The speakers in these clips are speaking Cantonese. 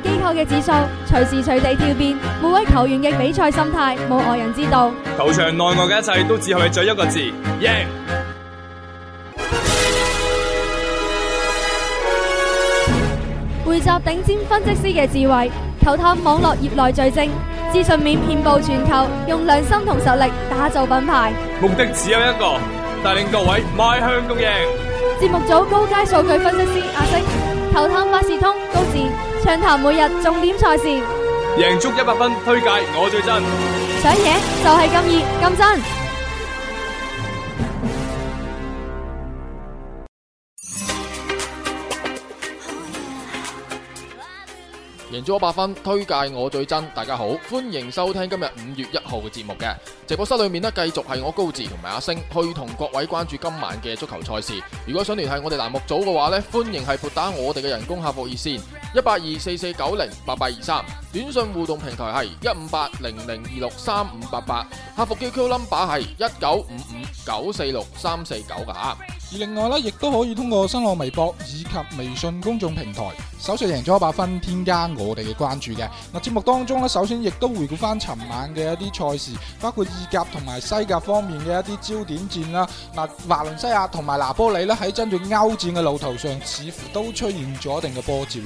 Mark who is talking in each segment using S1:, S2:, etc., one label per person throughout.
S1: 機構嘅指數隨時隨地跳變，每位球員嘅比賽心態冇外人知道。
S2: 球場內外嘅一切都只係在一個字：贏。
S1: 匯集頂尖分析師嘅智慧，球探網絡業內最精，資訊面遍布全球，用良心同實力打造品牌。目的只有一個，帶領各位邁向共贏。節目組高階數據分析師阿星，球探萬事通高智。暢談每日重點
S2: 賽事，贏足一百分，推介我最真，想贏就係咁易，咁真，贏足一百分，推介我最真。大家好，歡迎收聽今日五月一號嘅節目嘅直播室裏面呢，繼續係我高志同埋阿星去同各位關注今晚嘅足球賽事。如果想聯繫我哋欄目組嘅話呢，歡迎係撥打我哋嘅人工客服熱線。一八二四四九零八八二三，4 4 23，短信互動平台係一五八零零二六三五八八，客服 QQ number 係一九五五九四六三四九噶。而另外咧，亦都可以通
S1: 過新浪微博以及微信公眾平台，搜索贏足一百 FUN，添加我哋嘅關注嘅。嗱，節目當中咧，首先亦都回顧翻尋晚嘅一啲賽事，包括意甲同埋西甲方面嘅一啲焦點戰啦。嗱，華倫西亞同埋拿波里咧，喺針對歐戰嘅路途上，似乎都出現咗一定嘅波折。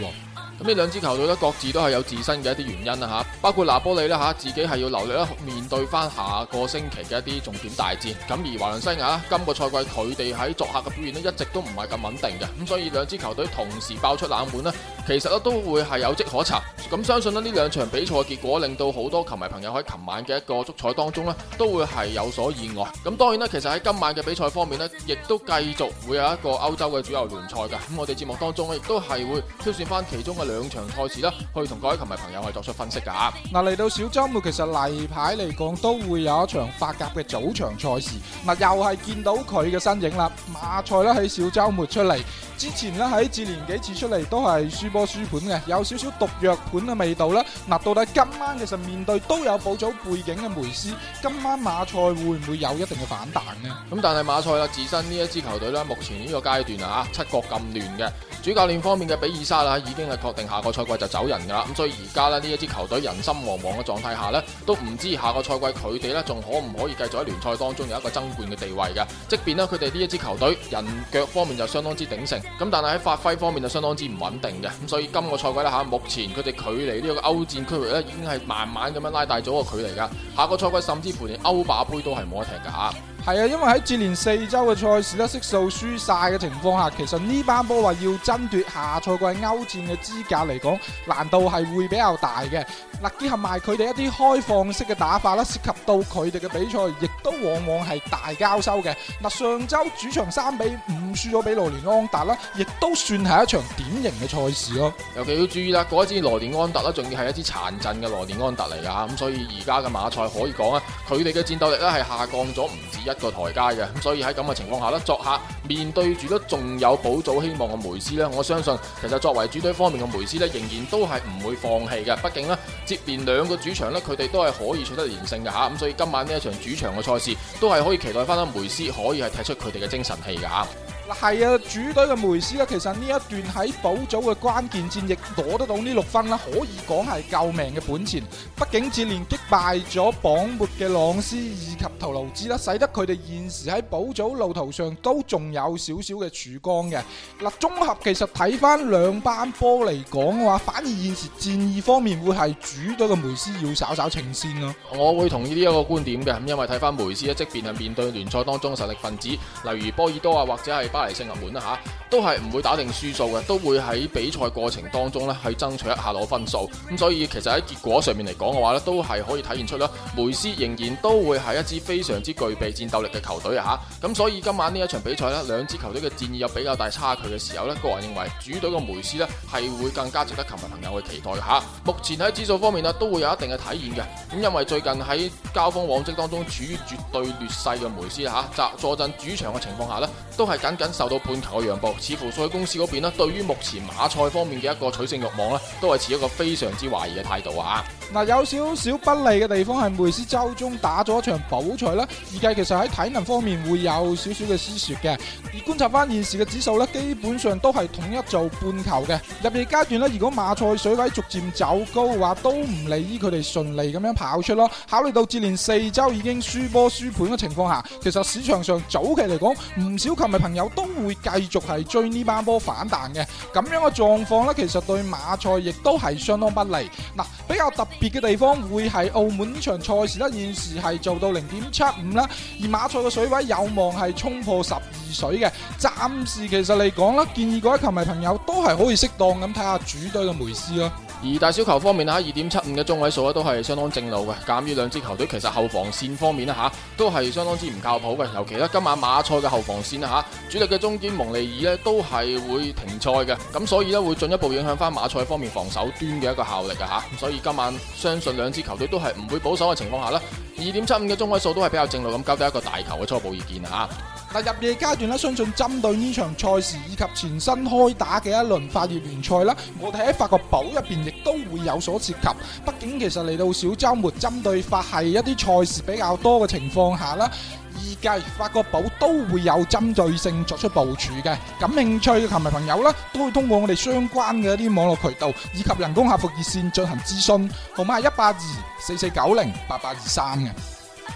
S2: 咁呢兩支球隊呢，各自都係有自身嘅一啲原因啊！吓，包括拿波利呢，吓，自己係要留力咧，面對翻下個星期嘅一啲重點大戰。咁而華倫西亞，今個賽季佢哋喺作客嘅表現呢一直都唔係咁穩定嘅。咁所以兩支球隊同時爆出冷門呢，其實都會係有跡可查。咁相信呢兩場比賽結果，令到好多球迷朋友喺琴晚嘅一個足彩當中呢都會係有所意外。咁當然啦，其實喺今晚嘅比賽方面呢，亦都繼續會有一個歐洲嘅主流聯賽嘅。咁我哋節目當中亦都係會挑選翻其中嘅。兩場賽事啦，去同各位球迷朋友係作出分析噶。
S1: 嗱，嚟到小周末，其實例牌嚟講都會有一場法甲嘅早場賽事。嗱，又係見到佢嘅身影啦，馬賽咧喺小周末出嚟，之前咧喺接連幾次出嚟都係輸波輸盤嘅，有少少毒藥盤嘅味道啦。嗱，到底今晚其實面對都有補組背景嘅梅斯，今晚馬賽會唔會有一定嘅反彈
S2: 咧？咁但係馬賽啦自身呢一支球隊咧，目前呢個階段啊，七國咁亂嘅。主教練方面嘅比爾沙啦已經係確定下個賽季就走人噶啦，咁所以而家咧呢一支球隊人心惶惶嘅狀態下呢都唔知下個賽季佢哋呢仲可唔可以繼續喺聯賽當中有一個爭冠嘅地位嘅。即便呢佢哋呢一支球隊人腳方面就相當之鼎盛，咁但係喺發揮方面就相當之唔穩定嘅。咁所以今個賽季咧吓，目前佢哋距離呢個歐戰區域呢已經係慢慢咁樣拉大咗個距離噶。下個賽季甚至乎連歐霸盃都係冇得踢噶。
S1: 係啊，因為喺接連四周嘅賽事咧，悉數輸曬嘅情況下，其實呢班波話要爭奪下賽季歐戰嘅資格嚟講，難度係會比較大嘅。嗱，結合埋佢哋一啲開放式嘅打法啦，涉及到佢哋嘅比賽，亦都往往係大交收嘅。嗱，上周主場三比五輸咗俾羅連安
S2: 達啦，亦都算係一場典型嘅賽事咯。尤其要注意啦，嗰支羅連安達咧，仲要係一支殘陣嘅羅連安達嚟噶，咁所以而家嘅馬賽可以講啊，佢哋嘅戰鬥力咧係下降咗唔止一。個台階嘅，所以喺咁嘅情況下呢，作客面對住咗仲有保組希望嘅梅斯呢，我相信其實作為主隊方面嘅梅斯呢，仍然都係唔會放棄嘅。畢竟呢，接連兩個主場呢，佢哋都係可以取得連勝嘅吓。咁所以今晚呢一場主場嘅賽事，都係可以期待翻，啦梅斯可以係踢出佢哋嘅精神氣噶。
S1: 嗱，係啊，主隊嘅梅斯呢，其實呢一段喺補組嘅關鍵戰役攞得到呢六分啦，可以講係救命嘅本錢。畢竟接連擊敗咗榜末嘅朗斯以及圖盧茲啦，使得佢哋現時喺補組路途上都仲有少少嘅曙光嘅。嗱，綜合其實睇翻兩班波嚟講嘅話，反而現時戰意方面會係主隊嘅梅斯要稍稍稱先咯。
S2: 我會同意呢一個觀點嘅，因為睇翻梅斯，咧，即便係面對聯賽當中嘅實力分子，例如波爾多啊，或者係。巴黎聖日門啦吓，都係唔會打定輸數嘅，都會喺比賽過程當中咧去爭取一下攞分數。咁、嗯、所以其實喺結果上面嚟講嘅話咧，都係可以體現出啦。馬賽仍然都會係一支非常之具備戰鬥力嘅球隊吓。咁、啊、所以今晚呢一場比賽咧，兩支球隊嘅戰意有比較大差距嘅時候咧，個人認為主隊嘅馬賽咧係會更加值得球迷朋友去期待吓、啊。目前喺指數方面啊，都會有一定嘅體現嘅。咁因為最近喺交鋒往績當中處於絕對劣勢嘅馬賽，啊吓，坐坐鎮主場嘅情況下咧，都係僅僅受到半球嘅讓步，似乎賽公司嗰邊咧，對於目前馬賽方面嘅一個取勝欲望咧，都係持一個非常之懷疑嘅態度啊！
S1: 嗱，有少少不利嘅地方係梅斯周中打咗一場補賽啦，預計其實喺體能方面會有少少嘅輸蝕嘅。而觀察翻現時嘅指數呢基本上都係統一做半球嘅。入夜階段呢如果馬賽水位逐漸走高嘅話，都唔利於佢哋順利咁樣跑出咯。考慮到接連四周已經輸波輸盤嘅情況下，其實市場上早期嚟講，唔少球迷朋友。都會繼續係追呢班波反彈嘅，咁樣嘅狀況咧，其實對馬賽亦都係相當不利。嗱，比較特別嘅地方會係澳門呢場賽事啦，現時係做到零點七五啦，而馬賽嘅水位有望係衝破十二水嘅。暫時其實嚟講啦，建議各位球迷朋友都係可以適當咁睇下主隊嘅梅
S2: 斯咯。而大小球方面啊，二點七五嘅中位數咧都係相當正路嘅，鑑於兩支球隊其實後防線方面咧吓都係相當之唔靠譜嘅，尤其咧今晚馬賽嘅後防線啊吓，主力嘅中堅蒙尼爾咧都係會停賽嘅，咁所以咧會進一步影響翻馬賽方面防守端嘅一個效力啊吓，所以今晚相信兩支球隊都係唔會保守嘅情況下啦，二點七五嘅中位數都係比較正路咁，交低一個大球嘅初步意見吓。
S1: 嗱，入夜階段咧，相信針對呢場賽事以及全新開打嘅一輪法乙聯賽啦，我哋喺法國寶入邊亦都會有所涉及。畢竟其實嚟到小周末，針對法系一啲賽事比較多嘅情況下啦，預計法國寶都會有針對性作出部署嘅。感興趣嘅球迷朋友啦，都會通過我哋相關嘅一啲網絡渠道以及人工客服熱線進行諮詢，號碼係一八二四四九零八八二三
S2: 嘅。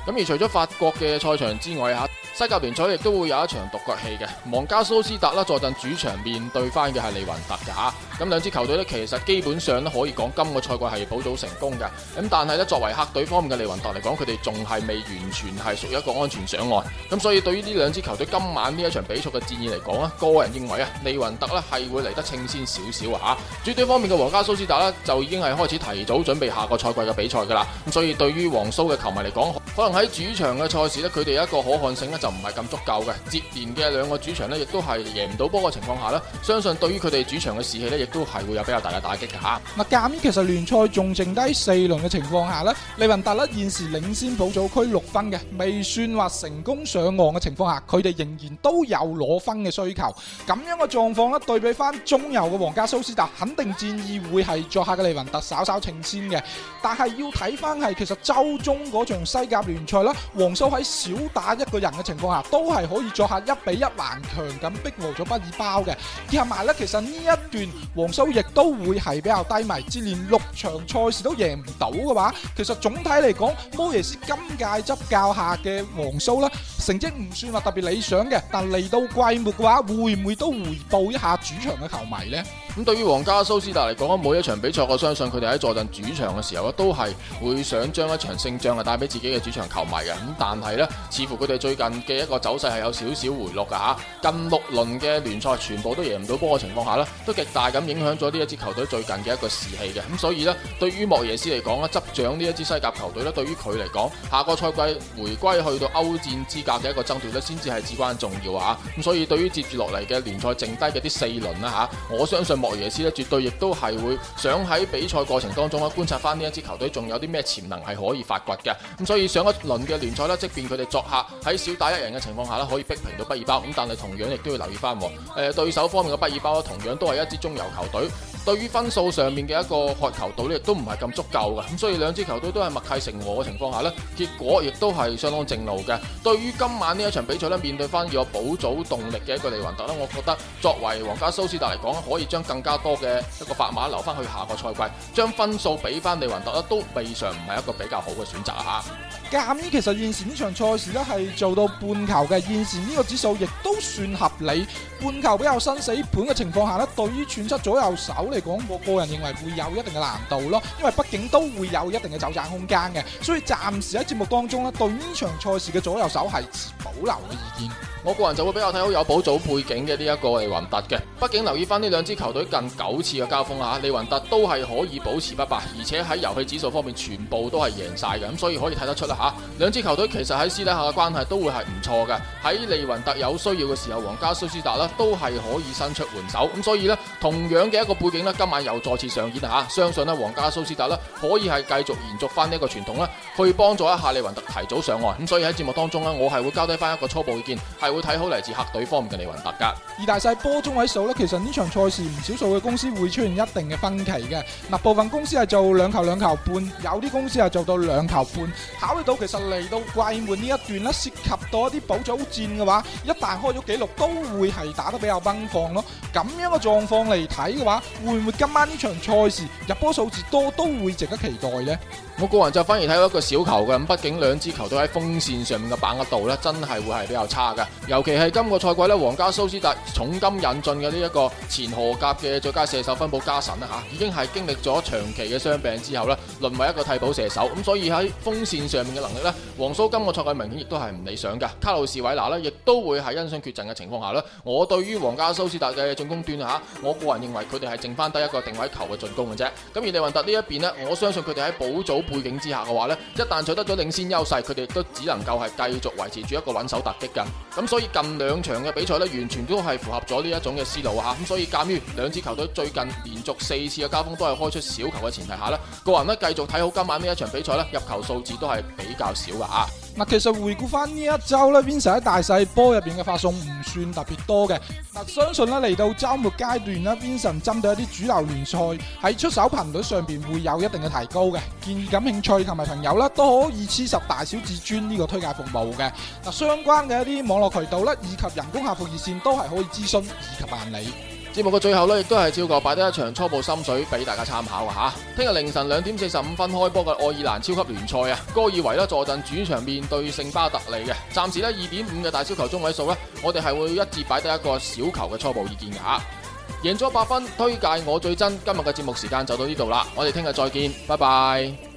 S2: 咁而除咗法國嘅賽場之外啊。西甲聯賽亦都會有一場獨角戲嘅，皇家蘇斯達啦坐鎮主場面對翻嘅係利雲特嘅，吓，咁兩支球隊呢，其實基本上咧可以講今個賽季係補組成功嘅，咁但係呢，作為客隊方面嘅利雲特嚟講，佢哋仲係未完全係屬於一個安全上岸，咁所以對於呢兩支球隊今晚呢一場比賽嘅戰意嚟講啊，個人認為啊利雲特呢係會嚟得清先少少啊吓，主隊方面嘅皇家蘇斯達呢，就已經係開始提早準備下個賽季嘅比賽噶啦，咁所以對於皇蘇嘅球迷嚟講，可能喺主場嘅賽事呢，佢哋有一個可看性咧。就唔係咁足夠嘅，接連嘅兩個主場咧，亦都係贏唔到波嘅情況下咧，相信對於佢哋主場嘅士氣咧，亦都係會有比較大嘅打擊嘅吓。
S1: 嗱，鑑於其實聯賽仲剩低四輪嘅情況下咧，利雲達咧現時領先保組區六分嘅，未算話成功上岸嘅情況下，佢哋仍然都有攞分嘅需求。咁樣嘅狀況咧，對比翻中游嘅皇家蘇斯達，肯定戰意會係作客嘅利雲達稍稍澄先嘅，但係要睇翻係其實周中嗰場西甲聯賽啦，皇蘇喺少打一個人嘅情況下，情況下都係可以作客一比一頑強咁逼和咗不爾包嘅。加埋咧，其實呢一段黃蘇亦都會係比較低迷，至連六場賽事都贏唔到嘅話，其實總體嚟講，摩耶斯今屆執教下嘅黃蘇啦，成績唔算話特別理想嘅，但嚟到季末嘅話，會唔會都回報一下主場嘅球迷咧？
S2: 咁對於皇家蘇斯達嚟講，每一場比賽，我相信佢哋喺坐陣主場嘅時候咧，都係會想將一場勝仗啊帶俾自己嘅主場球迷嘅。咁但係咧，似乎佢哋最近嘅一個走勢係有少少回落㗎嚇、啊，近六輪嘅聯賽全部都贏唔到波嘅情況下咧，都極大咁影響咗呢一支球隊最近嘅一個士氣嘅。咁、嗯、所以呢，對於莫耶斯嚟講咧，執掌呢一支西甲球隊咧，對於佢嚟講，下個賽季回歸去到歐戰資格嘅一個爭奪咧，先至係至關重要的啊！咁、嗯、所以對於接住落嚟嘅聯賽剩低嘅啲四輪啦、啊、嚇，我相信莫耶斯咧，絕對亦都係會想喺比賽過程當中咧，觀察翻呢一支球隊仲有啲咩潛能係可以發掘嘅。咁、嗯、所以上一輪嘅聯賽咧，即便佢哋作客喺小打一人嘅情況下咧，可以逼平到畢爾包咁，但係，同樣亦都要留意翻，誒、呃、對手方面嘅畢爾包同樣都係一支中游球隊，對於分數上面嘅一個渴求度咧，亦都唔係咁足夠嘅，咁所以兩支球隊都係默契成和嘅情況下呢，結果亦都係相當正路嘅。對於今晚呢一場比賽咧，面對翻要有補組動力嘅一個利雲特咧，我覺得作為皇家蘇斯達嚟講，可以將更加多嘅一個法碼留翻去下個賽季，將分數俾翻利雲特咧，都未嘗唔係一個比較好嘅選擇啊！
S1: 咁其實現時呢場賽事呢係做到半球嘅，現時呢個指數亦都算合理。半球比較生死盤嘅情況下咧，對於串出左右手嚟講，我個人認為會有一定嘅難度咯，因為畢竟都會有一定嘅走盞空間嘅，所以暫時喺節目當中咧，對呢場賽事嘅左
S2: 右手係保留嘅意見，我個人就會比較睇好有保組背景嘅呢一個利雲特嘅，畢竟留意翻呢兩支球隊近九次嘅交鋒啊，利雲特都係可以保持不敗，而且喺遊戲指數方面全部都係贏晒嘅，咁所以可以睇得出啦吓，兩支球隊其實喺私底下嘅關係都會係唔錯嘅，喺利雲特有需要嘅時候，皇家蘇斯達都係可以伸出援手，咁所以咧同樣嘅一個背景咧，今晚又再次上演吓，相信咧皇家蘇斯達可以係繼續延續翻呢個傳統啦，去幫助一下利雲特提早上岸，咁所以喺節目當中我係會交低。翻一個初步意見，係會睇好嚟自客隊方面嘅李雲特噶。
S1: 而大細波中位數呢，其實呢場賽事唔少數嘅公司會出現一定嘅分歧嘅。嗱，部分公司係做兩球，兩球半，有啲公司係做到兩球半。考慮到其實嚟到季末呢一段咧，涉及到一啲保組戰嘅話，一旦開咗紀錄，都會係打得比較奔放咯。咁樣嘅狀況嚟睇嘅話，會唔會今晚呢場賽事入波數字多，都會
S2: 值得期待呢？我個人就反而睇到一個小球嘅。咁畢竟兩支球隊喺鋒線上面嘅把握度呢，真係，係會係比較差嘅，尤其係今個賽季咧，皇家蘇斯達重金引進嘅呢一個前荷甲嘅，最佳射手分部加神啦吓、啊，已經係經歷咗長期嘅傷病之後咧，淪為一個替補射手，咁、嗯、所以喺鋒線上面嘅能力咧，皇蘇今個賽季明顯亦都係唔理想嘅。卡路士韋拿呢亦都會係因傷缺陣嘅情況下咧，我對於皇家蘇斯達嘅進攻端吓、啊，我個人認為佢哋係剩翻得一個定位球嘅進攻嘅啫。咁而利雲特這呢一邊咧，我相信佢哋喺保組背景之下嘅話咧，一旦取得咗領先優勢，佢哋都只能夠係繼續維持住一個位置手突擊噶，咁所以近兩場嘅比賽咧，完全都係符合咗呢一種嘅思路啊！咁所以鑒於兩支球隊最近連續四次嘅交鋒都係開出小球嘅前提下咧，個人咧繼續睇好今晚呢一場比賽咧，入球數字都係比較少噶啊。
S1: 嗱，其實回顧翻呢一周咧，邊神喺大細波入邊嘅發送唔算特別多嘅。嗱，相信咧嚟到周末階段咧，邊神針對一啲主流聯賽喺出手頻率上邊會有一定嘅提高嘅。建議感興趣同埋朋友啦，都可以黐實大小至尊呢個推介服務嘅。
S2: 嗱，相關嘅一啲網絡渠道咧，以及人工客服熱線都係可以諮詢以及辦理。節目嘅最後呢，亦都係照舊擺低一場初步心水俾大家參考啊！吓，聽日凌晨兩點四十五分開波嘅愛爾蘭超級聯賽啊，哥爾維呢坐鎮主場面對聖巴特利嘅，暫時呢，二點五嘅大小球中位數呢，我哋係會一致擺低一個小球嘅初步意見啊！贏足 100FUN，推介我最真。今日嘅節目時間就到呢度啦，我哋聽日再見，拜拜。